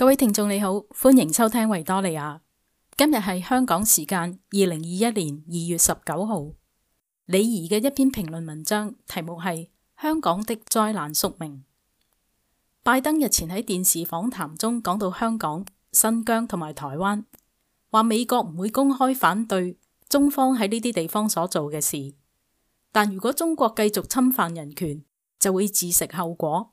各位聽眾你好，歡迎收聽維多利亞。今日係香港時間二零二一年二月十九號，李怡嘅一篇評論文章，題目係《香港的災難宿命》。拜登日前喺電視訪談中講到香港、新疆同埋台灣，話美國唔會公開反對中方喺呢啲地方所做嘅事，但如果中國繼續侵犯人權，就會自食後果。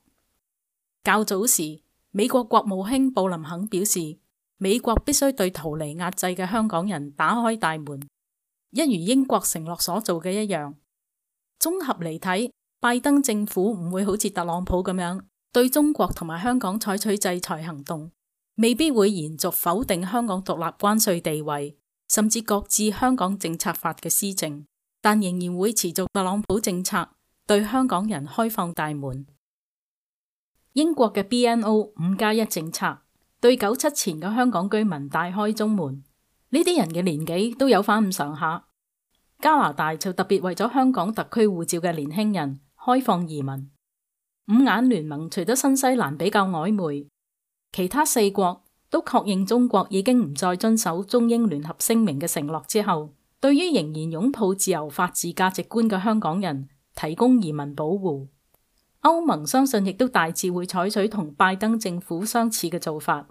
較早時，美國國務卿布林肯表示，美國必須對逃離壓制嘅香港人打開大門，一如英國承諾所做嘅一樣。綜合嚟睇，拜登政府唔會好似特朗普咁樣對中國同埋香港採取制裁行動，未必會延續否定香港獨立關稅地位，甚至擱置香港政策法嘅施政，但仍然會持續特朗普政策對香港人開放大門。英國嘅 BNO 五加一政策對九七前嘅香港居民大開中門，呢啲人嘅年紀都有翻咁上下。加拿大就特別為咗香港特區護照嘅年輕人開放移民。五眼聯盟除咗新西蘭比較曖昧，其他四國都確認中國已經唔再遵守中英聯合聲明嘅承諾之後，對於仍然擁抱自由法治價值觀嘅香港人提供移民保護。歐盟相信亦都大致會採取同拜登政府相似嘅做法，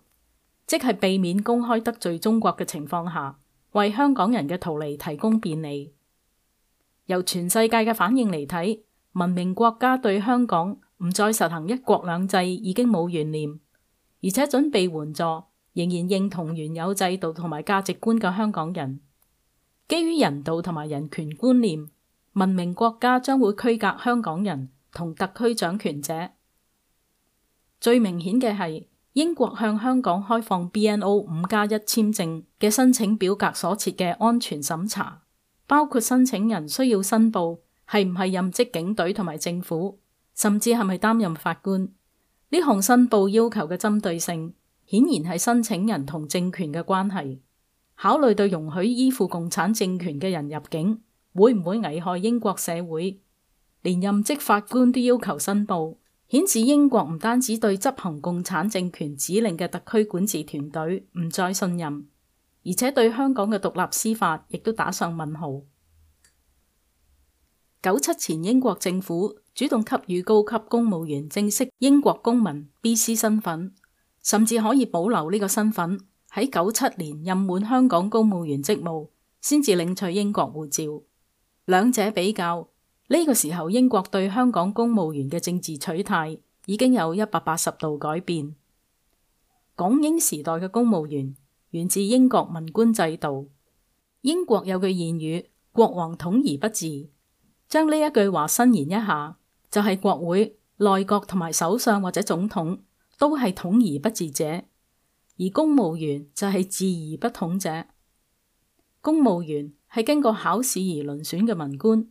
即係避免公開得罪中國嘅情況下，為香港人嘅逃離提供便利。由全世界嘅反應嚟睇，文明國家對香港唔再實行一國兩制，已經冇懸念，而且準備援助，仍然認同原有制度同埋價值觀嘅香港人。基於人道同埋人權觀念，文明國家將會區隔香港人。同特區掌權者最明顯嘅係英國向香港開放 BNO 五加一簽證嘅申請表格所設嘅安全審查，包括申請人需要申報係唔係任職警隊同埋政府，甚至係咪係擔任法官。呢項申報要求嘅針對性，顯然係申請人同政權嘅關係。考慮對容許依附共產政權嘅人入境，會唔會危害英國社會？連任職法官都要求申報，顯示英國唔單止對執行共產政權指令嘅特區管治團隊唔再信任，而且對香港嘅獨立司法亦都打上問號。九七 前，英國政府主動給予高級公務員正式英國公民 BC 身份，甚至可以保留呢個身份喺九七年任滿香港公務員職務，先至領取英國護照。兩者比較。呢個時候，英國對香港公務員嘅政治取態已經有一百八十度改變。港英時代嘅公務員源自英國文官制度。英國有句諺語：國王統而不治。將呢一句話伸延一下，就係、是、國會、內閣同埋首相或者總統都係統而不治者，而公務員就係治而不統者。公務員係經過考試而遴選嘅文官。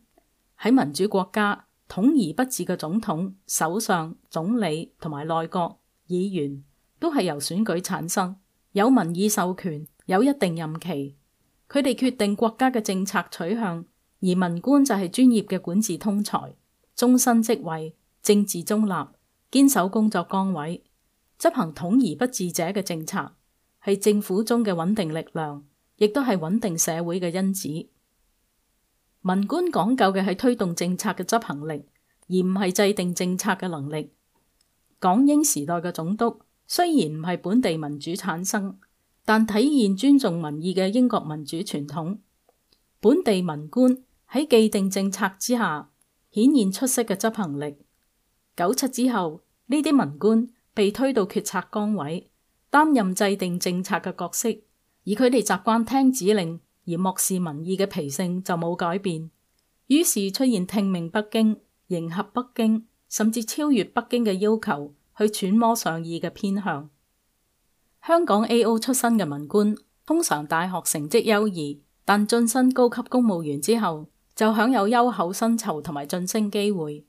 喺民主國家，統而不治嘅總統、首相、總理同埋內閣議員都係由選舉產生，有民意授權，有一定任期。佢哋決定國家嘅政策取向，而文官就係專業嘅管治通才，終身職位，政治中立，堅守工作崗位，執行統而不治者嘅政策，係政府中嘅穩定力量，亦都係穩定社會嘅因子。文官講究嘅係推動政策嘅執行力，而唔係制定政策嘅能力。港英時代嘅總督雖然唔係本地民主產生，但體現尊重民意嘅英國民主傳統。本地文官喺既定政策之下，顯現出色嘅執行力。九七之後，呢啲文官被推到決策崗位，擔任制定政策嘅角色，而佢哋習慣聽指令。而漠視民意嘅脾性就冇改變，於是出現聽命北京、迎合北京，甚至超越北京嘅要求，去揣摩上意嘅偏向。香港 AO 出身嘅文官，通常大學成績優異，但晉身高級公務員之後，就享有優厚薪酬同埋晉升機會，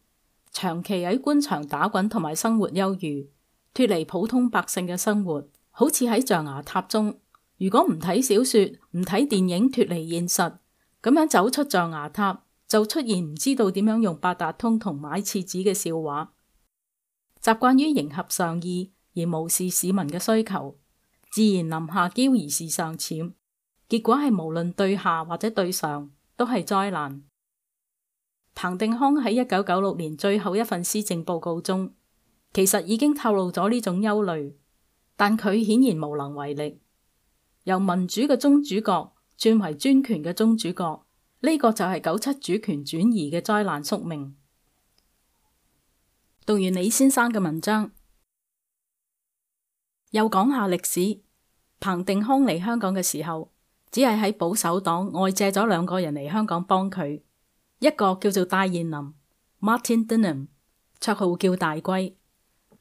長期喺官場打滾同埋生活優裕，脫離普通百姓嘅生活，好似喺象牙塔中。如果唔睇小說，唔睇電影，脫離現實咁樣走出象牙塔，就出現唔知道點樣用八達通同買廁紙嘅笑話。習慣於迎合上意而無視市民嘅需求，自然臨下驕而事上諂，結果係無論對下或者對上都係災難。彭定康喺一九九六年最後一份施政報告中，其實已經透露咗呢種憂慮，但佢顯然無能為力。由民主嘅中主角轉為專權嘅中主角，呢、這個就係九七主權轉移嘅災難宿命。讀完李先生嘅文章，又講下歷史。彭定康嚟香港嘅時候，只係喺保守黨外借咗兩個人嚟香港幫佢，一個叫做戴燕林 （Martin d e n h a m 綽號叫大龜，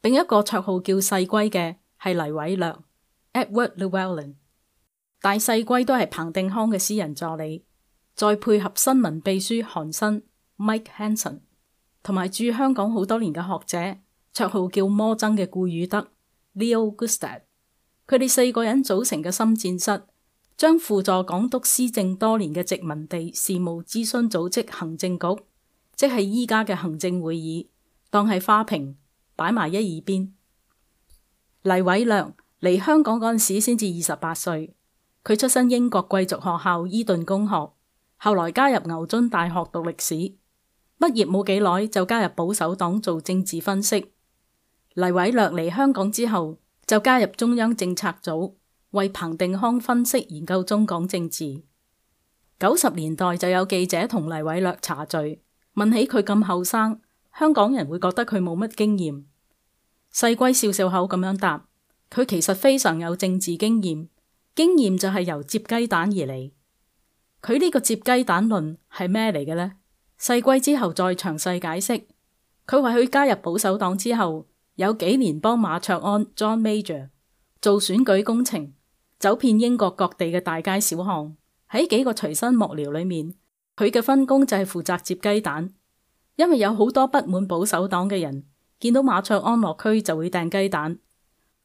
另一個綽號叫細龜嘅係黎偉略 （Edward l l e w e l l y n 大細龜都係彭定康嘅私人助理，再配合新聞秘書韓新 Mike Hanson 同埋住香港好多年嘅學者，綽號叫魔僧嘅顧汝德 Leo Goodstadt，佢哋四個人組成嘅心戰室，將輔助港督施政多年嘅殖民地事務諮詢組織行政局，即係依家嘅行政會議當係花瓶擺埋一二邊。黎偉良嚟香港嗰陣時先至二十八歲。佢出身英國貴族學校伊頓公學，後來加入牛津大學讀歷史，畢業冇幾耐就加入保守黨做政治分析。黎偉略嚟香港之後，就加入中央政策組，為彭定康分析研究中港政治。九十年代就有記者同黎偉略茶聚，問起佢咁後生，香港人會覺得佢冇乜經驗。細龜笑笑口咁樣答，佢其實非常有政治經驗。經驗就係由接雞蛋而嚟，佢呢個接雞蛋論係咩嚟嘅呢？細季之後再詳細解釋。佢話佢加入保守黨之後，有幾年幫馬卓安 John Major 做選舉工程，走遍英國各地嘅大街小巷。喺幾個隨身幕僚裏面，佢嘅分工就係負責接雞蛋，因為有好多不滿保守黨嘅人見到馬卓安落區就會掟雞蛋，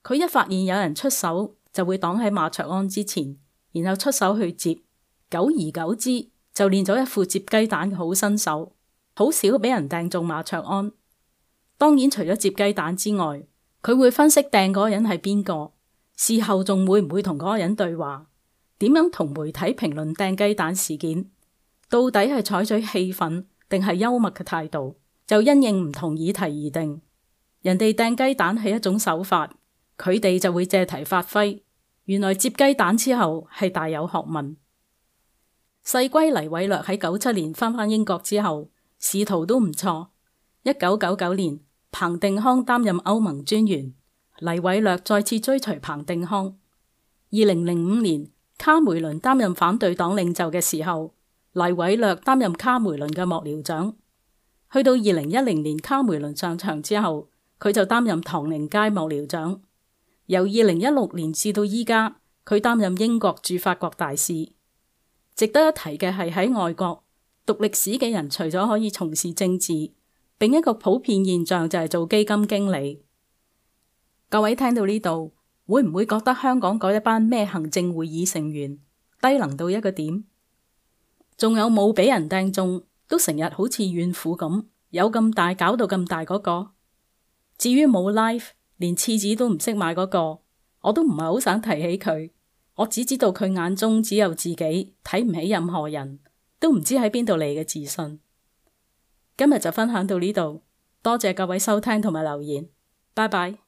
佢一發現有人出手。就會擋喺馬卓安之前，然後出手去接，久而久之就練咗一副接雞蛋嘅好身手，好少俾人掟中馬卓安。當然，除咗接雞蛋之外，佢會分析掟嗰個人係邊個，事後仲會唔會同嗰個人對話，點樣同媒體評論掟雞蛋事件，到底係採取氣憤定係幽默嘅態度，就因應唔同議題而定。人哋掟雞蛋係一種手法。佢哋就會借題發揮。原來接雞蛋之後係大有學問。細龜黎偉略喺九七年翻返英國之後，仕途都唔錯。一九九九年，彭定康擔任歐盟專員，黎偉略再次追隨彭定康。二零零五年，卡梅倫擔任反對黨領袖嘅時候，黎偉略擔任卡梅倫嘅幕僚長。去到二零一零年卡梅倫上場之後，佢就擔任唐寧街幕僚長。由二零一六年至到依家，佢擔任英國駐法國大使。值得一提嘅係，喺外國讀歷史嘅人，除咗可以從事政治，另一個普遍現象就係做基金經理。各位聽到呢度，會唔會覺得香港嗰一班咩行政會議成員低能到一個點？仲有冇俾人掟中？都成日好似怨婦咁，有咁大搞到咁大嗰個。至於冇 life。連廁紙都唔識買嗰個，我都唔係好想提起佢。我只知道佢眼中只有自己，睇唔起任何人，都唔知喺邊度嚟嘅自信？今日就分享到呢度，多謝各位收聽同埋留言，拜拜。